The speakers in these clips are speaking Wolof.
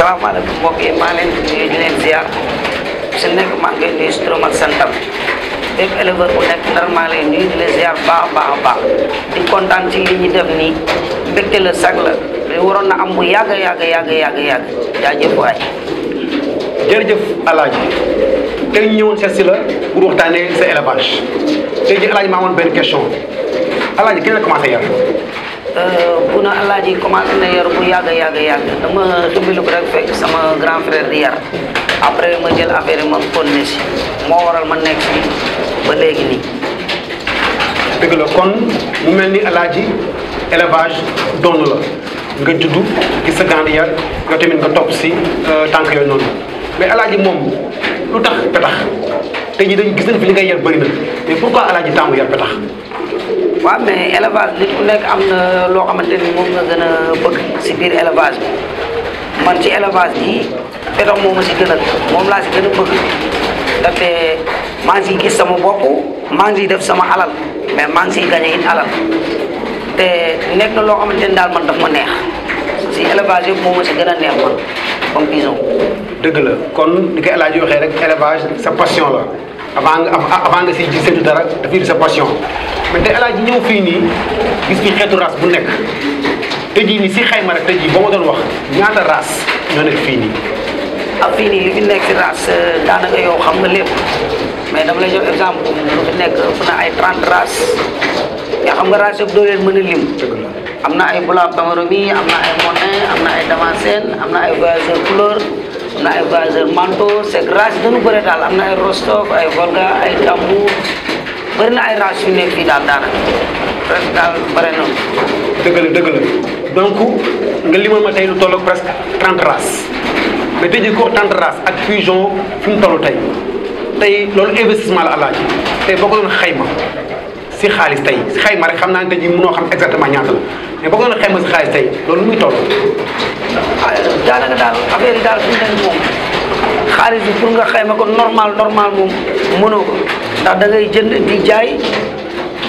salaamaaleykum mbokk yi maa leen di nuyu di leen ziar su nekk maa ngi nuyu si turam ak santam bépp éleveur bu nekk ndar maa lay nuyu di leen ziar baax baax a baax di kontaan ci li ñu def nii mbégte la sag la li waroon na am bu yàgg yàgg yàgg yàgg yàgg jaajëf waay. jërëjëf Alaaji tey ñëwoon seet si la pour waxtaanee sa élevage tey jii Alaaji maa amoon benn question Alaaji kañ la commencé yar. buna alaji commencé na yar bu yàgg yàgg yàgg dama sumbilu ko rek fekk sama grand frère di eh, yar après ma jël affaire yi ma continué si moo waral ma nekk si ba léegi nii. dëgg la kon mu mel ni alaaji élevage doon la nga judd gis sa grand yar nga tamit nga topp si tànk yooyu noonu mais alaaji moom lu petax te ñi dañ gis nañ fi li ngay yar bëri na mais pourquoi alaaji taamu yar petax. waaw mais élevage nit ku nekk am na loo xamante ni moom nga gën a bëgg si biir élevage bi man ci élevage bi béton moom si gën moom laa si gën a bëgg ndaxte maa ngi siy gis sama bopp maa ngi siy def sama alal mais maa ngi siy gagné te nekk na loo xamante ni daal man daf ma neex si élevage yëpp moom si gën a neex man comme bison. dëgg kon ni ko El Hadj rek élevage sa passion la. avant nga avant nga siy seetu dara dafay di sa passion mais tey El Hadj ñëw fii nii gis fi xeetu race bu nekk te jii nii si xayma rek te jii boo ma doon wax ñaata race ñoo nekk fii nii. ak ah, fii nii li fi nekk si race euh, daanaka yow xam nga lépp mais dama lay jox exemple lu fi nekk fu na ay 30 race yoo xam nga race yëpp doo leen mën a lim. am na ay Bula Bamaromi am na ay Monin am na ay Damascène am na ay voyageur couleur. am na ay voyageur manto c'est race dañu bëre daal am na ay Rostov ay Volga ay Tambour bëri na ay race yu nekk fii daal daanaka presque daal bëri na. dëgg la dëgg la donc ma tey lu toll presque trente races mais tey jii ko trente races ak fusion fi mu toll tey tey loolu investissement la àllaaji tey boo doon xayma si xaalis tey si xayma rek xam naa ne tey jii mënoo xam exactement ñaata mais bëgg na xayma si xaalis tey loolu muy toll. ah daanaka daal affaire daal fi mu moom xaalis bi pour nga xayma ko normal normal moom mënoo ndax da jënd di jaay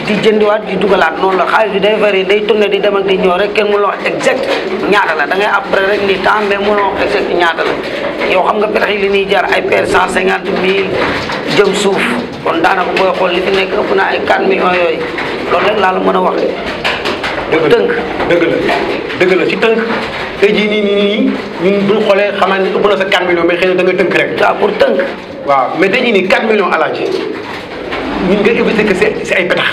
di jënd jëndiwaat di dugalaat noonu la xaalis bi day varié day tourné di dem ak di ñëw rek kenn mënuloo wax exact ñaata la dangay ngay après rek ni temps mais mënuloo wax exact ñaata la yow xam nga petax yi jar ay paire cent cinquante mille jëm suuf kon daanaka booy xool li nekk ëpp ay 4 millions yooyu loolu rek laa la mën a wax tënk dëgg la dëgg la si tënk tey jii nii nii nii ñun bu ñu xoolee xamaa ni ëpp na sa 4 millions mais xëy na da nga tënk rek. waaw pour tënk. waaw mais tey jii nii 4 millions alaaji ñun nga éviter que si ay petax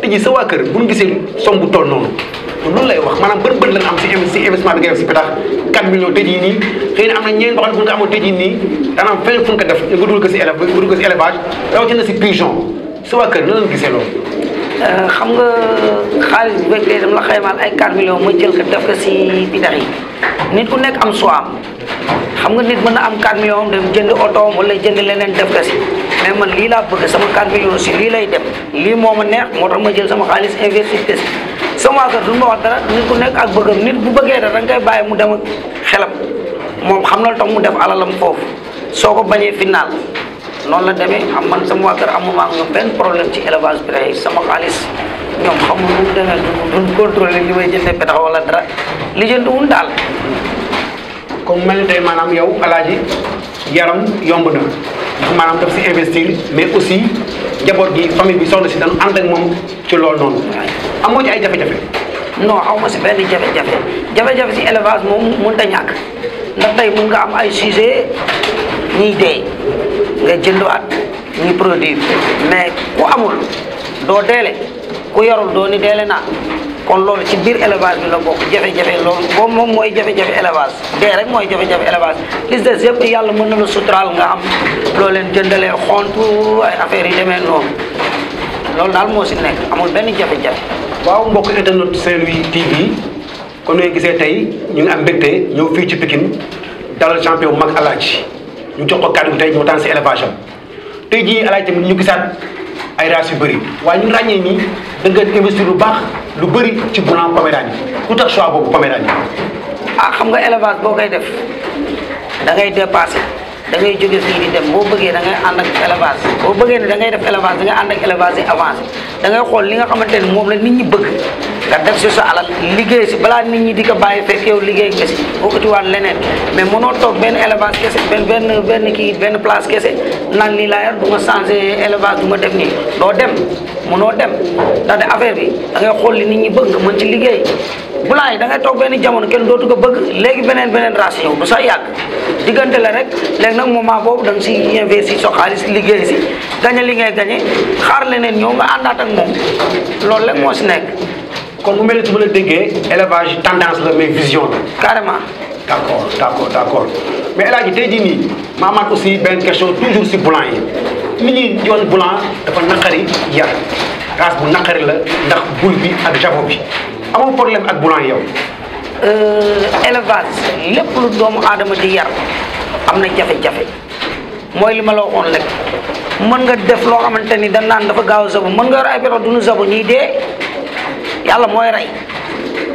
tey jii bu ñu gisee somme bu toll noonu loolu lay wax maanaam bën bën la nga am si si investissement bi nga def na ñeen boo xam ne amoon tey jii nii daanaka feneen fu ñu ko def nga dugg ko si élevage rawatina si pigeon sa waa kër nan la gisee loolu xam nga xaalis bu fekkee dama la xaymaal ay 4 millions ma jël ko def ko si pidax yi nit ku nekk am choix xam nga nit mën na am 4 millions dem jënd oto wala jënd leneen def ko si mais man lii laa bëgg sama 4 millions si lii lay dem lii moo ma neex moo tax ma jël sama xaalis investir si sama kër du ma wax dara nit ku nekk ak bëggam nit bu bëggee dara da nga bàyyi mu dem xelam moom xam na tax mu def alalam foofu soo ko bañee final noonu la demee am man sama waa kër amuma ak benn problème ci élevage bi rek sama xaalis ñoom xamul nu mu demee duñ contrôlé li may jëndee petax wala dara li jënd wuñ daal. comme mel ni tey maanaam yow alaaji yaram yomb na maanaam daf si investir mais aussi njaboot gi famille bi soxna si dañu ànd ak moom ci loolu noonu. amoo ci ay jafe-jafe. non aw ma si benn jafe-jafe jafe-jafe si élevage moom mënut a ñàkk ndax tey mun nga am ay sujet ñuy dee. nga jënduwaat ñuy produire mais ku amul doo deele ku yorul doo ni deele naa kon lool ci biir élevage bi la bokk jafe-jafe boobu moom mooy jafe-jafe élevage dee mooy jafe-jafe élevage li des yàlla mën na la nga am loo leen jëndalee xontu ay yi demee noonu daal moo si nekk amul benn jafe-jafe. waaw mbokk internet Saint-Louis TV comme ni nga gisee tey ñu ngi am mbégte ñëw fii ci Pikine dalal champion mag Alaaji ñu jox ko kàddu gi tey ñu waxtaan si élevage am tey jii alaaj tamit ñu gisaat ay races yu bëri waaye ñu ràññee nii da nga investir lu baax lu bëri ci blanc Pomeranie lu tax choix boobu Pomeranie. ah xam nga élevage boo koy def dangay ngay dépassé da ngay jóge dem boo bëggee da ngay ànd ak élevage boo bëggee ne dangay def élevage da ngay ànd ak élevage yi avancé ngay xool li nga xamante ne moom la nit ñi bëgg. nga def si sa alal liggéey si balaa nit ñi di ko bàyyi fekk yow liggéey nga si utiwaat leneen mais mënoo toog benn élevage kese benn benn benn kii benn place kese nan lii laa ma changé élevage du ma def nii doo dem mënoo dem ndaxte affaire bi da ngay xool li nit ñi bëgg nga mën ci liggéey bulaa yi da ngay toog benn jamono kenn dootu ko bëgg léegi beneen beneen race yow du sax diggante la rek léegi nag moment boobu da nga si investi so xaalis liggéey si gañe li ngay gañe xaar leneen ñoo nga àndaat ak moom loolu rek moo si nekk kon mu mel ni la déggee élevage tendance la mais vision la. carrément. d' accord mais El Hadji tey jii nii aussi benn question toujours si blanc yi nit ñi yoon blanc dafa naqari yar race bu naqari la ndax bul bi ak jabot bi amoo problème ak blanc yow. Euh, élevage lépp lu doomu aadama di yar am na jafe-jafe mooy li ma la waxoon rek mën nga def loo xamante ni dañ naan dafa gaaw a mën nga yor ay béro du ñu zabu dee. yàlla mooy rey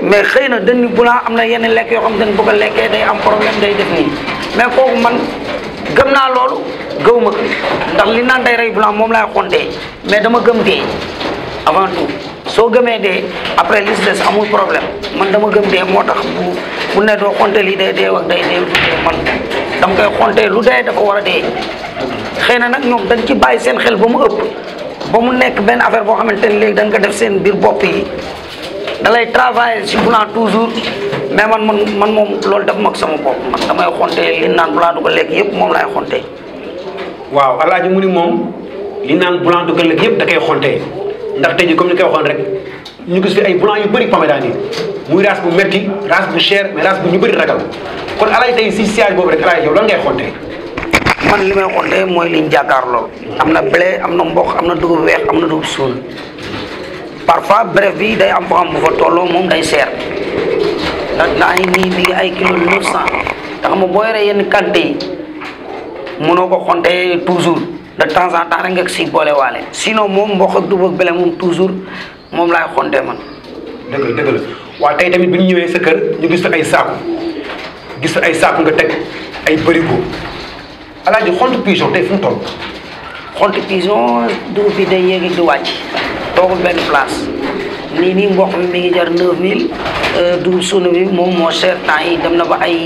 mais xëy na dañu bu am na yenn lekk yoo xam ne dañ bëgg a lekkee day am problème day def nii mais kooku man gëm naa loolu gëwuma ko ndax li naan day rey bu laa moom laay xontee mais dama gëm dee avant soo gëmee dee après li si des amul problème man dama gëm dee moo tax bu bu ne doo xonte lii day dee wax day dee lu dee man dama koy xontee lu dee dafa war a dee xëy na nag ñoom dañ ci bàyyi seen xel ba mu ëpp ba mu nekk benn affaire boo xamante ni léegi dañ ko def seen biir bopp yi da lay travailler si bulaan toujours mais man man man moom loolu def mag sama bopp man damay xonte li naan bulaan du ko lekk yëpp moom laay xonte waaw alaaji mu ni moom li naan bulaan du ko lekk yëpp da koy xonte ndax tey comme ni koy waxoon rek ñu gis fi ay bulaan yu bëri pamédaan yi muy race bu metti race bu cher mais race bu ñu bëri ragal kon alaaji tey si siège boobu rek alaaji yow lan ngay xonte man li may waxoon de mooy liñ jàkkaarloo amna na blé am amna mboq am brevi, parfois bref bi day am xam bu fa tolloo moom day ser ndax daa ngi ay kilo neuf cent tax ma boo yoree yenn quantité yi ko toujours de temps en temps rek si boole waale sinon moom mboq ak dugub blé moom toujours man dëgg la dëgg la waaw tey tamit bi ñu ñëwee sa kër ñu gis ay saaku gis ay saaku nga ay alaaji xont pigeon tey fu mu toll. xont pigeon dugub bi day yéeg di wàcc toogul benn place nii nii mboq mi mi ngi jar 9000 euh, dugub suuna bi moom moo cher temps yi dem na ba ay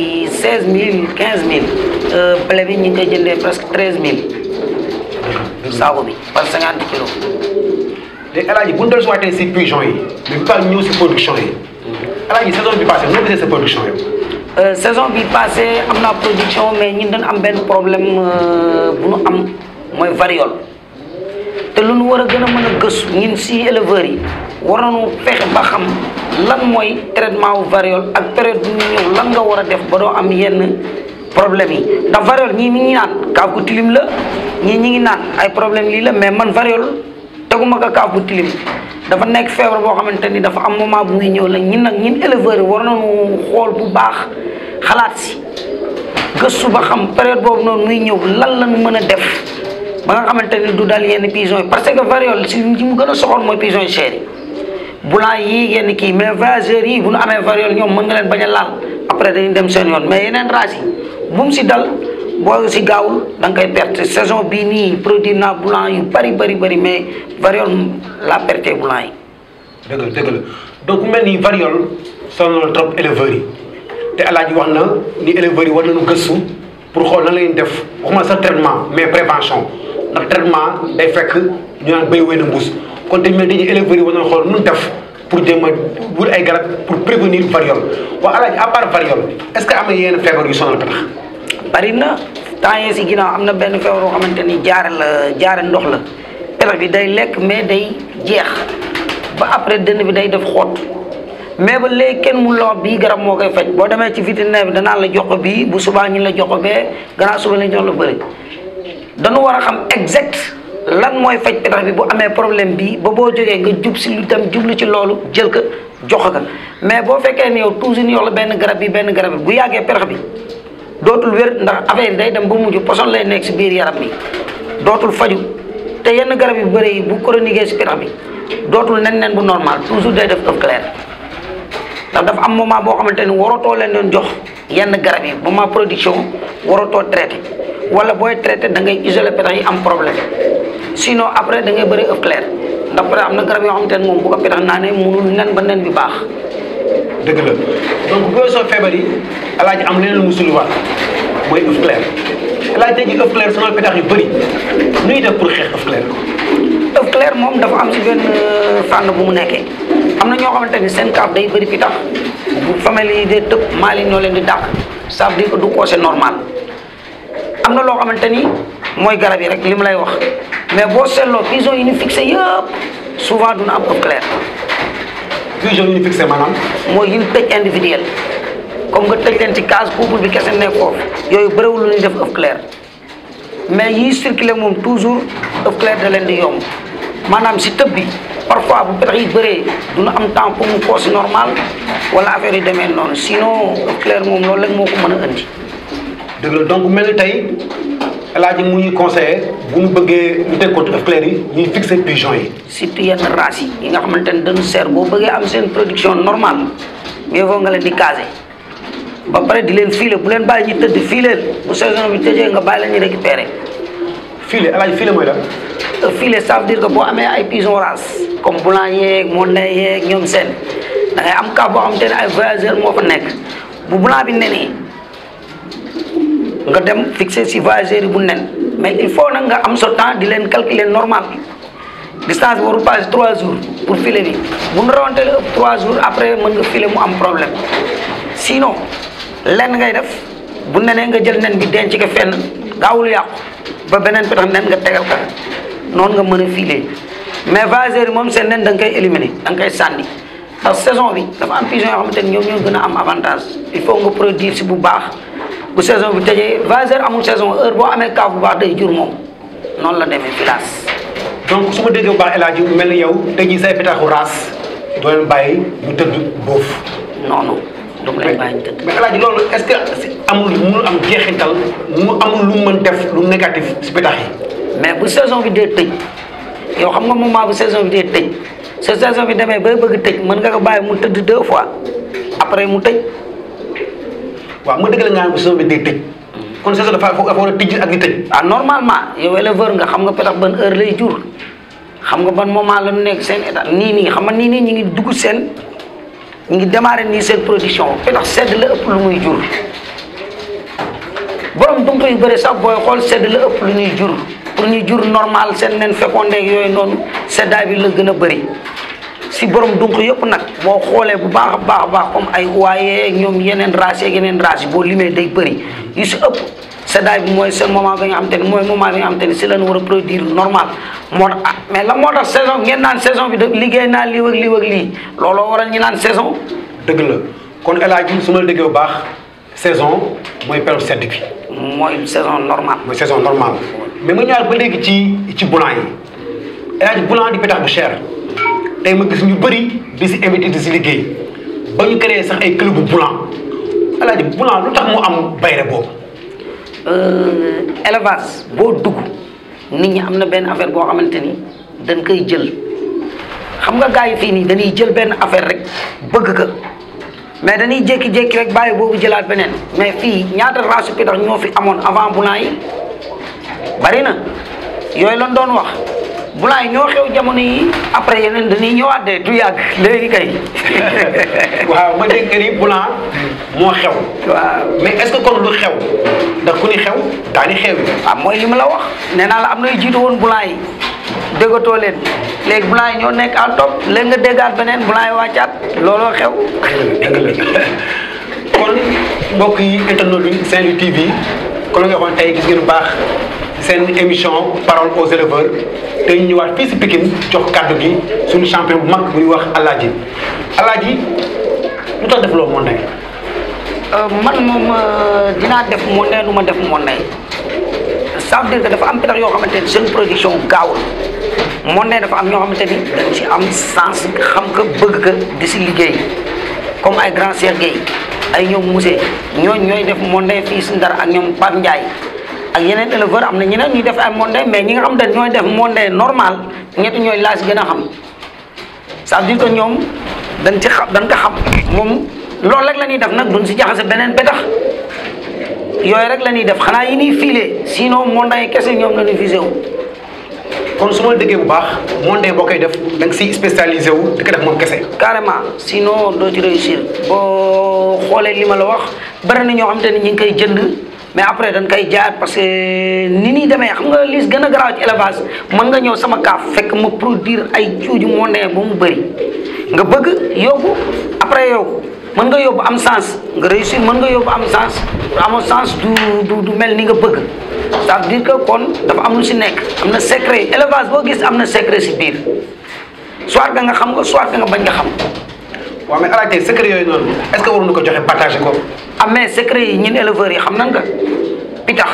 16000 15000 euh, blé bi ñu ngi koy jëndee presque 13000. saako bi par 50 kilos. léegi alaaji bu ñu dellusiwaatee si pigeon yi. mais bu baax si production yi. Mm-hmm. alaaji saison bi passé noo gisee sa production yow. Euh, saison bi passé am naa production mais ñun dañ am benn problème euh, bu nu am mooy variole te lu nu war a gën a mën a gëstu ñun si éleveurs yi war nañu fexe ba xam lan mooy traitement wu variole ak période bu ñëw lan nga war a def ba doo am yenn problème yi ndax variole ñii mi ngi naan kaw ku tilim la ñii ñi ngi naan ay problème lii la mais man variole teguma ko kaaf bu tilim dafa nekk feebar boo xamante ni dafa am moment bu muy ñëw la ñun nag ñun éleveurs yi war nañu xool bu baax xalaat si gëstu ba xam période boobu noonu muy ñëw lan lañ mën a def ba nga xamante ni du dal yenn pigeon yi parce que variole si li mu gën a soxal mooy pigeon chair yi bulan yii yenn kii mais voyageurs yi bu ñu amee variole ñoom mën nga leen bañ a après dañuy dem seen yoon mais yeneen race yi si dal. boo si gaaw da nga koy perte saison bii nii produit naa blanc yu bari bari bëri mais variole la perte blanc yi. dëgg la dëgg la donc mu mel ni variole sonal trop éleveurs yi te El Hadj wax na nii éleveurs yi war nañu gëstu pour xool nan la ñuy def ma sa traitement mais prévention ndax traitement day fekk ñu naan béy wéy na mbuus kon dañu mel ni éleveurs yi war nañu xool nu mu def. pour jéem a wut ay garab pour prévenir variole waaye El Hadj à part variole est-ce que am na yenn feebar yu bari na temps yii si am na benn feebar boo xamante ni jaare la jaare ndox la pere bi day lekk mais day jeex ba après dënn bi day def xoot mais ba léegi kenn mun la wax bii garab moo koy faj boo demee ci vétérinaire bi danaa la jox ko bii bu subaa ñu la jox ko bee gannaaw suba la ñu jox la bëri dañu war a xam exact lan mooy faj petax bi bu amee problème bi ba boo jógee nga jub si lu tam jublu ci loolu jël ko jox ko mais boo fekkee ne yow toujours ñu benn garab bi benn garab bi bu yàggee petax bi dootul wér ndax affaire day dem ba mujj poson lay nekk si biir yaram mi dootul faju te yenn garab yu bëri yi bu chronique si yaram bi dootul nen nen bu normal toujours day def ëpp clair ndax dafa am moment boo xamante ni waratoo leen doon jox yenn garab yi moment production waratoo traité wala booy traité da ngay isolé pétax yi am problème sinon après da ngay bëri ëpp clair ndax peut am na garab yoo xamante ne moom bu ko pétax naa ne munul nen ba nen bi baax dëgg la donc bu weesoo feebar yi alaaji am leneen mu suluwaat mooy œuf clair alaaji tey ji œuf clair sonal petax yu bari nuy def pour xeex œuf clair œuf clair moom dafa am si benn euh, fànn bu mu nekkee am na ñoo xamante ni seen kaaf day bëri pitax bu famille yi dee tëb maa leen ñoo leen di dàq ça veut dire que du coosé normal am na loo xamante ni mooy garab yi rek li mu lay wax mais boo seetloo pigeon yi ñu fixé yëpp souvent duna am œuf clair pigeon yu ñu fixé maanaam. mooy yu tëj individuel comme nga tëj leen ci case couple bi kese nekk foofu yooyu bëriwul lu ñuy def œuf clair mais yi circulé moom toujours œuf clair da leen di yomb maanaam si tëb bi parfois bu pexe yi bëree duna am temps pour mu poche normal wala affaire yi demee noonu sinon œuf clair moom loolu moo ko mën a andi. dëgg la donc mel ni tey. alaaji mu ñuy conseillé bu ñu bëggee ñu teg ko def yi ñuy fixé pigeon yi. surtout yenn races yi yi nga xamante ne dañu seer boo bëggee am seen production normale mieux vaut nga leen di casé ba pare di leen fiile bu leen bàyyi ñu tëdd filer bu saison bi tëjee nga bàyyi la ñu récupérer. filer alaaji filer mooy lan. Euh, filer ça dire boo amee ay pigeon race comme blanc yeeg monnet yeeg ñoom seen da am cas boo xamante ne ay voyageurs moo fa nekk bu blanc bi nenee nga dem fixé si voyageurs yi bu nen mais il faut nag nga am sa temps di leen calculer normal distance bi warul passé 3 jours pour file bi bu nu rawanteel ëpp après mën nga filer mu am problème sinon lenn ngay def bu nenee nga jël nen bi denc ko fenn gaawul yàqu ba beneen petax nen nga tegal ka noonu nga mën a filer mais voyageurs yi moom seen nen da nga koy éliminer da nga koy sànni. saison bi dafa am pigeon yoo xamante ni ñoom ñoo gën a am avantage il faut nga produire si bu baax. bu saison bi tëjee vingt heures amul saison heure boo amee kaaf bu baax day jur moom noonu la demee village. donc su ma déggee bu baax El Hadj mel ni yow dañuy say petaaxu raas doo leen bàyyi ñu tëdd boof. noonu du mu leen bàyyi ñu tëdd. mais El Hadj loolu est ce que amul mënul am jeexintal mu amul lu mu mën def lu négatif si petaax yi. mais bu saison bi dee tëj yow xam nga moment bu saison bi dee tëj sa saison bi demee ba bëgg tëj mën nga ko bàyyi mu tëdd deux fois après mu tëj. waaw ma dëgg la nga ko saison bi soo tëj. kon saison dafa dafa war a tijji ak di tëj. ah normalement yow éleveur nga xam nga petax ban heure lay jur xam nga ban moment la mu nekk seen état nii nii xam nga nii nii ñu ngi dugg seen ñu ngi démarré nii seen production petax sedd la ëpp lu muy jur. borom dunq yu bëri sax booy xool sedd la ëpp lu ñuy jur pour ñuy jur normal seen nen fécondé yooyu noonu seddaay bi la gën a bari si borom dunq yëpp nag boo xoolee bu baax bu baax a baax comme ay waaye ñoom yeneen race yeeg yeneen race yi boo limee day bëri yu si ëpp seddaay bi mooy seen moment bi nga xam te mooy moom bi nga xam te ne si lañ war a produire normal moo tax ah mais la moo tax saison ngeen naan saison bi de liggéey naa li ak lii ak lii looloo waral ñu naan saison. dëgg la kon El Hadj suma ma la déggee bu baax saison mooy période sedd bi. mooy saison normal mooy saison normale mais ma ñëwaat ba léegi ci ci bulan yi El Hadj bulan di pétax tey ma gis ñu bëri di si invité di si liggéey ba ñu créé sax ay club bu blanc alaaji blanc lu tax mu am bayre boobu. Euh, élevage boo dugg nit ñi am na benn affaire boo xamante ni dañ koy jël xam nga gars yi fii nii dañuy jël benn affaire rek bëgg ka mais dañuy jékki-jékki rek bàyyi boobu jëlaat beneen mais fii ñaata race bi ndax ñoo fi amoon avant blanc yi bari na yooyu lañ doon wax. Boulaye ñoo xew jamono yi après yeneen dañuy ñëwaat de du yàgg léegi kay. waaw ma dégg ni Boulaye moo xew. waaw mais est-ce que kon lu xew ndax ku ni xew daani xew yi. Ah, waaw mooy li ma la wax nee naa la am na yu jiitu woon Boulaye déggatoo leen léegi yi ñoo nekk à top léegi nga déggaat beneen Boulaye wàccaat looloo xew. kon mbokk yi internaute bi Saint-Louis TV kon nga waxoon tey gis ngeen baax seen émission parole aux éleveurs. tey ñëwaat fii si Pikine jox kàddu gi suñu champion bu mag bu ñuy wax Alaaji Alaaji lu tax def loo monde euh, man moom euh, dinaa def monde nu ma def monde ça veut dire dafa am pétan yoo xamante ni jeune production gaawul monde dafa am ñoo xamante ni dañ si am sens xam ko bëgg ko di si liggéey comme ay grand Cheikh Gueye ay ñoom Moussé ñooñ ñooy def monde fii si ndara ak ñoom Pape Ndiaye ak yeneen éleveur am na ñeneen ñuy def ay mondain mais ñi nga xam ne ñooy def mondain normal ñetti ñooy laaj gën a xam c'est-à-dire que ñoom dañ ci xam dañ ko xam moom loolu rek la ñuy def nag duñ si jaxase beneen ba tax yooyu rek la def xanaa yi ñuy filé sinon mondain yi kese ñoom la ñuy visé wu. kon su ma déggee bu baax mondain boo koy def da nga siy spécialisé wu di ko def moom kese. carrément sinon doo ci réussir boo xoolee li ma la wax bari na ñoo xam te ne ñu ngi koy jënd. mais après dañ koy jaar parce que ni ñuy demee xam nga li gën a garaaw ci élevage mën nga ñëw sama kaaf fekk ma produire ay cuuju moo nee ba mu bëri nga bëgg yóbbu après yow mën nga yóbbu am sance nga réussir mën nga yóbbu am sance amoo sens du du du mel ni nga bëgg ça veut dire que kon dafa am lu si nekk am na secret élevage boo gis am na secret si biir soit da nga xam nga soit da nga bañ nga xam. waaw mais alaaj tey secret yooyu noonu est-ce que waruñu ko joxe partagé ko. ah mais secret yi ñun éleveurs yi xam nañ nga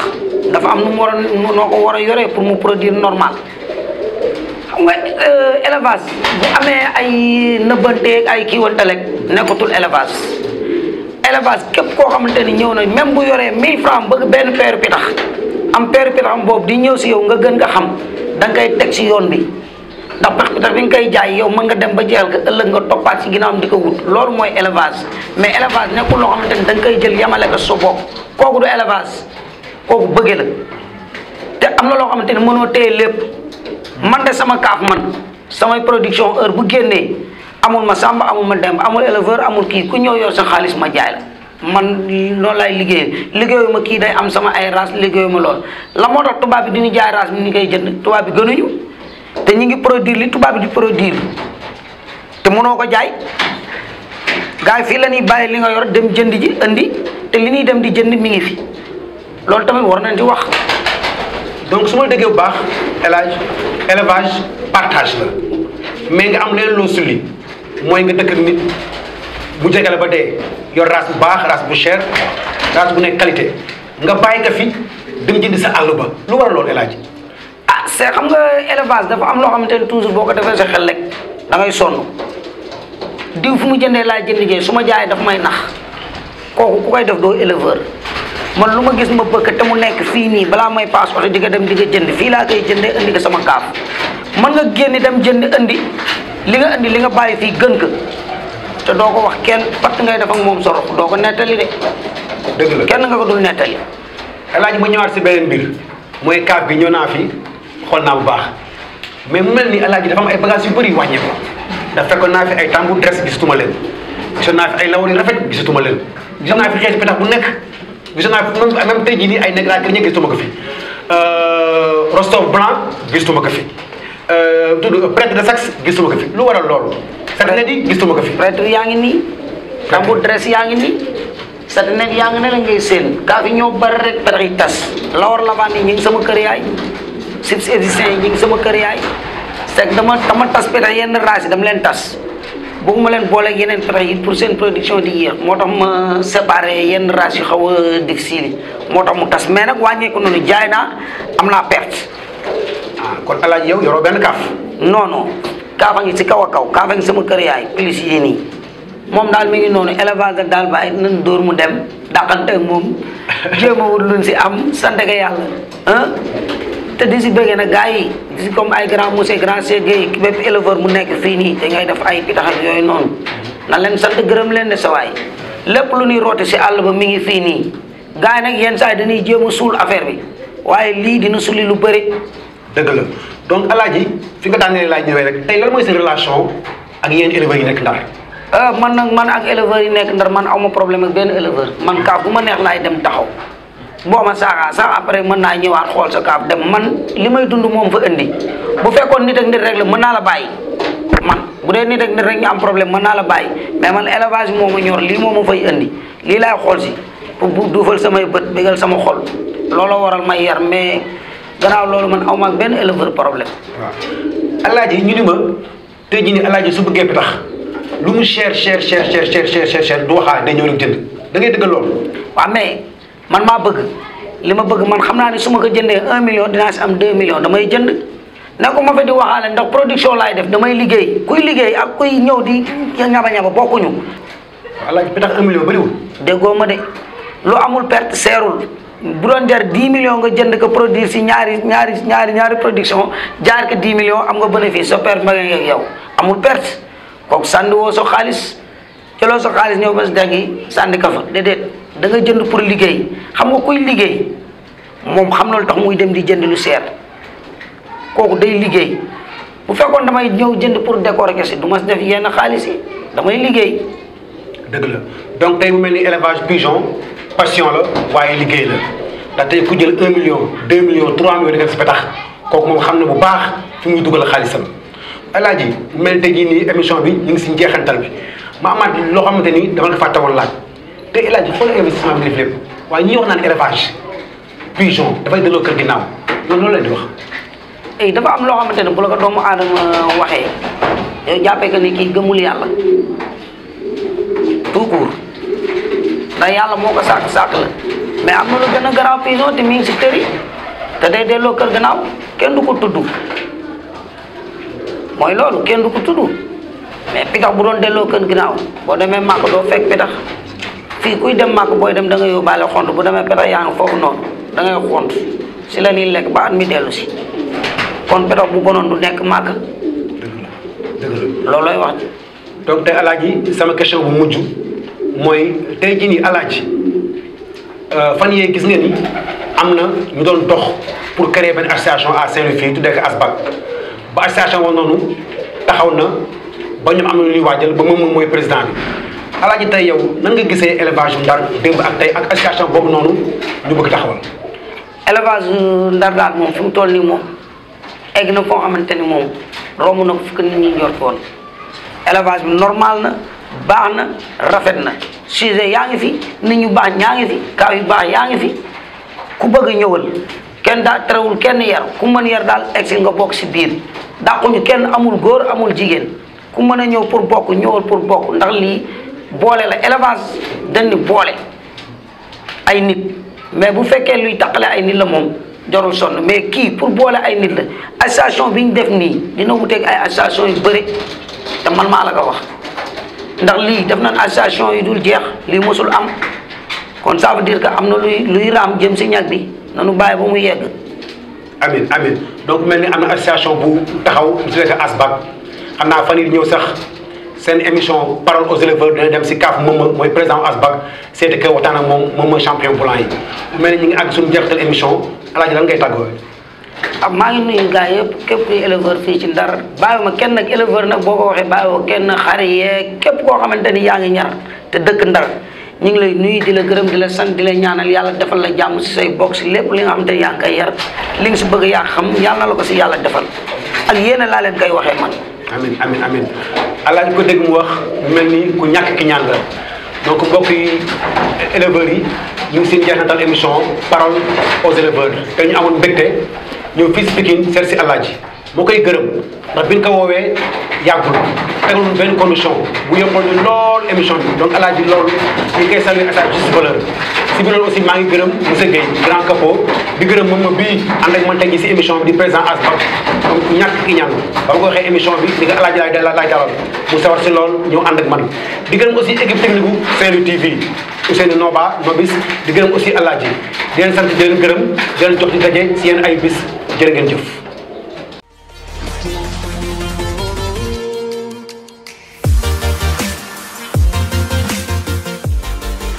dafa am nu war a noo ko war a yoree pour mu produire normal xam nga euh, élevage bu amee ay nëbbanteeg ay kiiwantaleg nekkatul élevage élevage képp koo xamante ni ñëw nañ même bu yoree 1000 francs bëgg benn peeru pitax am peeru pitax am boobu di ñëw si yow nga gën nga xam da ngay teg si yoon bi ndax pax bi tax nga koy jaay yow mën nga dem ba jeexal nga ëllëg nga toppaat si ginnaawam di ko wut loolu mooy élevage mais élevage nekkul loo xamante ni da nga koy jël yemale ko sa bopp kooku du élevage kooku bëggee la te am ma loo xamante ni ma téye lépp man de sama kaaf man samay production heure bu génnee amul ma sàmba amul ma dem amul éleveur amul kii ku ñëw yor sa xaalis ma jaay la man noonu laay liggéeyee liggéeyu ma kii day am sama ay race liggéeyu ma lool la moo tax tubaab bi du ñu jaay bi ñu koy tubaab bi gënuñu. te ñu ngi produire li tubaab bi di produire te mënoo ko jaay gars yi fii la ñuy bàyyi li nga yor dem jënd ji andi te li ñuy dem di jënd mi ngi fi loolu tamit war nañ di wax. donc su ma déggee bu baax élage élevage partage la mais nga am leen loo sulli mooy nga dëkk ak nit bu jege la ba dee yor race bu baax ras bu cher race bu nekk qualité nga bàyyi nga fi dem jënd sa àll ba lu war a loolu élage c'est xam nga élevage dafa am loo xamante ne toujours boo ko defee sa xel rek da ngay sonn diw fu mu jëndee laa jënd jee su ma jaayee daf may nax kooku ku koy def doo éleveur man lu ma gis ma bëgg te mu nekk fii nii balaa may paas oto di nga dem di nga jënd fii laa koy jëndee indi ko sama kaaf man nga génn dem jënd indi li nga indi li nga bàyyi fii gën ko te doo wax kenn pat ngay def ak moom soro doo ko nettali de. la kenn nga ko dul nettali. El Hadj ñëwaat si beneen mbir mooy kaaf bi ñëw fi xool naa bu baax mais mu mel ni alaaji dafa am ay bagage yu bëri wàññi ko ndax fekkoon naa fi ay tàmbu dress gisatuma leen gisoon naa fi ay lawal yu rafet gisatuma leen gisoon naa fi xeeti petax bu nekk gisoon naa fi même même tey jii nii ay negra gréñe gisatuma ko eh, fi rostov blanc gisatuma ko fi tudd prêtre de saxe gisatuma ko fi lu waral loolu sarnet yi gisatuma ko fi prêtre yaa ngi nii tàmbu dress yaa ngi nii sarnet yaa ngi ne la ngay seen kaa fi ñoo bari rek petax tas lawar lavande ñu ngi sama kër yaay chips égyptiens yi ñu ngi sama kër yaay c'est que dama dama tas pere yenn race yi dama leen tas bëgguma leen booleeg yeneen pere yi pour seen production di yéex moo tax ma séparé yenn race yu xaw a difficile moo tax mu tas mais nag wàññeeku noonu jaay naa am naa perte. ah kon El Hadj yow yoroo benn kaaf. non non kaaf a ngi si kaw a kaw kaaf a ngi sama kër yaay plus yi nii. moom daal mi ngi noonu élevage daal bàyyi nañ dóor mu dem dàqante moom jéem a wut luñ si am sant ga yàlla ah te disi bëgg na gaay yi comme ay grand monsieur grand chef Guèye bépp éleveur mu nekk fii nii te ngay def ay pitax ak yooyu noonu na leen sant gërëm leen ne sa waay lépp lu ñuy roote si àll ba mi ngi fii nii gaay yi nag yenn saa yi dañuy jéem a suul affaire bi waaye lii dina suli lu bëri. dëgg la donc alaaji fi nga daanee laaj ñëwee rek tey lan mooy sa relation ak yéen éleveurs yi nekk Ndar. man nag man ak éleveurs yi nekk Ndar man aw problème ak benn éleveur man kaa bu neex laay dem taxaw boo ma saaxaa sax après mën naa ñëwaat xool sa kaaf dem man li may dund moom fa indi bu fekkoon nit ak nit rek la mën naa la bàyyi man bu dee nit ak nit rek ñu am problème mën naa la bàyyi mais man élevage moo ñor lii moo fay indi lii laay xool si bu duufal samay bët bégal sama xol lolo waral may yar mais gannaaw loolu man aw maag benn éleveur problème. waaw alaaji ñu ni ma tey jii nii alaaji su bëggee tax lu mu cher cher cher cher cher cher cher du waxaa day ñëw rek jënd da ngay dëggal loolu. waaw mais man ma bëgg li ma bëgg man xam naa ne su ma ko jëndee un million dinaa si am deux millions damay jënd nekkuma fi di waxaale ndax production laay def damay liggéey kuy liggéey ak kuy ñëw di ñaba-ñaba bokkuñu alaaji bi tax un million bëriwul déggoo ma de lu amul perte serul bu doon jar dix millions nga jënd ko produire si ñaari ñaari ñaari ñaari production jaar ko dix millions am nga bénéfice soo perte ma nga yow amul perte kooku sànni so sa xaalis jëloo sa xaalis ñëw ba si dagg yi da nga jënd pour liggéey xam nga koy liggéey moom xam na lu tax muy dem di jënd lu seer kooku day liggéey bu fekkoon damay ñëw jënd pour décorer kese du ma def yenn xaalis yi damay liggéey. dëgg la donc tey mu mel ni élevage pigeon passion la waaye liggéey la ndax tey ku jël un million deux millions trois millions di def si tax kooku moom xam na bu baax fi muy dugal xaalisam. alaaji mel tey jii nii émission bi ñu ngi si njeexantal bi ma amaat loo xamante ni dama la fàttewoon laaj. te El Hadj xoolal investissement bi def lépp waaye ñi wax naan élevage pigeon dafay delloo kër ginnaaw loolu loolu leen di wax. tey dafa am loo xamante ne bu la ko doomu aadama waxee yow jàppee que ni kii gëmul yàlla tout court ndax yàlla moo ko sàkk sàkk la mais am na lu gën a garaaw pigeon te mi ngi si kër day delloo kër ginnaaw kenn du ko tudd mooy loolu kenn du ko tudd mais pitax bu doon delloo kër ginnaaw boo demee màkk doo fekk pitax. fii kuy dem màkk booy dem da nga yóbbaale xont bu demee petox yaa ngi foofu noonu da ngay xont si la ñuy lekk ba at mi dellu kon petox bu bonoon du nekk màkk. dëgg la loolooy wax ji. donc tey alaaji sama question bu mujj mooy tey jii nii alaaji euh, fan yee gis ngeen ni am na ñu doon dox pour créer benn association à Saint-Louis fii tuddee ko ASBAC ba association woon noonu taxaw na ba ñoom am na lu ñuy waajal ba moom mooy président bi. alaaji tey yow nan nga gisee élevage yu ndar démb ak tey ak association boobu noonu ñu bëgg taxawal. élevage yu ndar daal moom fi mu toll nii moom egg na foo xamante ni moom romb na ko fukk ni ñi njort foon élevage bi normal na baax na rafet na sujet yaa ngi fi nit ñu baax ñaa ngi fi kaw yu baax yaa ngi fi ku bëgg ñëwal kenn daal terewul kenn yar ku mën yar daal egg nga bokk si biir dàquñu kenn amul góor amul jigéen ku mën a ñëw pour bokk ñëwal pour bokk ndax lii. boole la élevage dañ boole ay nit mais bu fekkee luy taqale ay nit la moom jarul sonn mais kii pour boole ay nit la association bi def nii dina wuteeg ay association yu bëri te man maa la ko wax ndax lii def nañ association yi dul jeex lii mosul am kon ça dir dire que am na luy luy raam jëm si ñag bi nanu bàyyi ba mu yegg. amin amin donc mel ni am na association bu taxaw su fekkee ASBAC xam naa fan yii ñëw sax. seen émission parole aux éleveurs dina dem si CAF moom mooy président ASBAC seeti kër waxtaan ak moom moom mooy champion blanc yi bu mel ni ñu ngi àgg suñu émission alaaji lan ngay tàggoo ah, maa ngi nuyu gars yëpp képp kuy fii ci ndar bàyyi ma kenn nag éleveur nag boo ko waxee bàyyi woo kenn xar yeeg képp koo xamante ni yaa ngi ñar te dëkk ndar ñu ngi lay nuy di la gërëm di la sant di la ñaanal yàlla defal la jàmm si say bokk si lépp li nga xamante ni yaa ngi koy yar li nga si bëgg yaa xam yàlla na la ko si yàlla defal ak yéen a laa waxee amin amin amin allah ñu ko dégg mu wax mel ni ku ñàkk ki ñaan donc mbokk yi éleveurs yi ñu ngi seen jeexantal émission parole aux éleveurs te ñu amoon mbégte ñëw fii si Pikine seet si Alaaji moo koy gërëm ndax bi ñu ko woowee yàggul tegul benn condition bu yëppoon lool émission bi donc Alaaji loolu ñu ngi koy saluer attaque si biir aussi maa ngi gërëm monsieur Guèye grand capot di gërëm moom ma bii ànd ak man tey jii si émission bi di président ASBAB ñàkk ki ñaan ba ma ko waxee émission bi di nga El Hadj Laye Laye Dawal mu sawar si lool ñëw ànd ak man di gërëm aussi équipe technique bu Saint-Louis TV Ousseynou Noba Nobis di gërëm aussi El Hadj di leen sant di gërëm di leen jox di daje si yéen ay bis jërë ngeen jëf.